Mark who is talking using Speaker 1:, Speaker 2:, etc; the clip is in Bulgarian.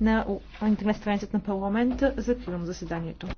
Speaker 1: на интернет страницата на парламента. Закривам заседанието.